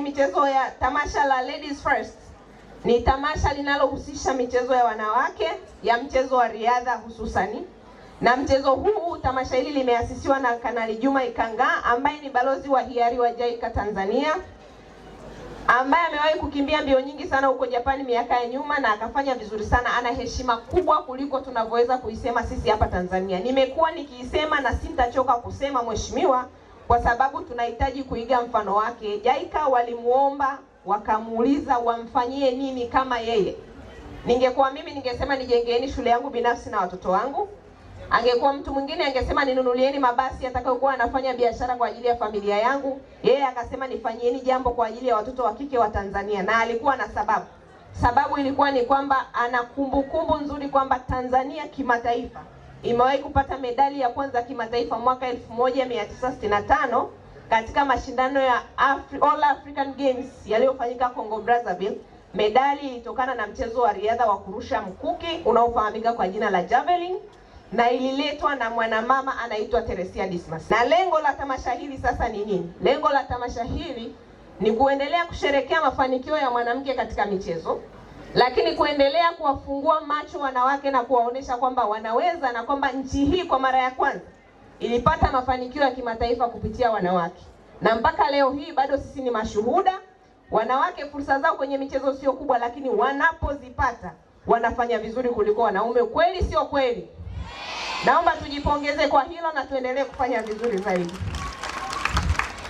Michezo ya tamasha la Ladies First ni tamasha linalohusisha michezo ya wanawake ya mchezo wa riadha hususani, na mchezo huu, tamasha hili limeasisiwa na Kanali Juma Ikangaa ambaye ni balozi wa hiari wa JICA Tanzania, ambaye amewahi kukimbia mbio nyingi sana huko Japani miaka ya nyuma na akafanya vizuri sana. Ana heshima kubwa kuliko tunavyoweza kuisema sisi hapa Tanzania. Nimekuwa nikiisema na sintachoka kusema, mheshimiwa kwa sababu tunahitaji kuiga mfano wake. Jaika walimuomba wakamuuliza wamfanyie nini kama yeye. Ningekuwa mimi ningesema nijengeeni shule yangu binafsi na watoto wangu. Angekuwa mtu mwingine angesema ninunulieni mabasi atakayokuwa anafanya biashara kwa ajili ya familia yangu. Yeye akasema nifanyieni jambo kwa ajili ya watoto wa kike wa Tanzania, na alikuwa na sababu. Sababu ilikuwa ni kwamba ana kumbukumbu nzuri kwamba Tanzania kimataifa imewahi kupata medali ya kwanza kimataifa mwaka 1965 katika mashindano ya Afri, All African Games yaliyofanyika Congo Brazzaville. Medali ilitokana na mchezo wa riadha wa kurusha mkuki unaofahamika kwa jina la javelin na ililetwa na mwanamama anaitwa Teresia Dismas. Na lengo la tamasha hili sasa ni nini? Lengo la tamasha hili ni kuendelea kusherekea mafanikio ya mwanamke katika michezo lakini kuendelea kuwafungua macho wanawake na kuwaonesha kwamba wanaweza na kwamba nchi hii kwa mara ya kwanza ilipata mafanikio ya kimataifa kupitia wanawake, na mpaka leo hii bado sisi ni mashuhuda. Wanawake fursa zao kwenye michezo sio kubwa, lakini wanapozipata wanafanya vizuri kuliko wanaume. Kweli sio kweli? Naomba tujipongeze kwa hilo na tuendelee kufanya vizuri zaidi.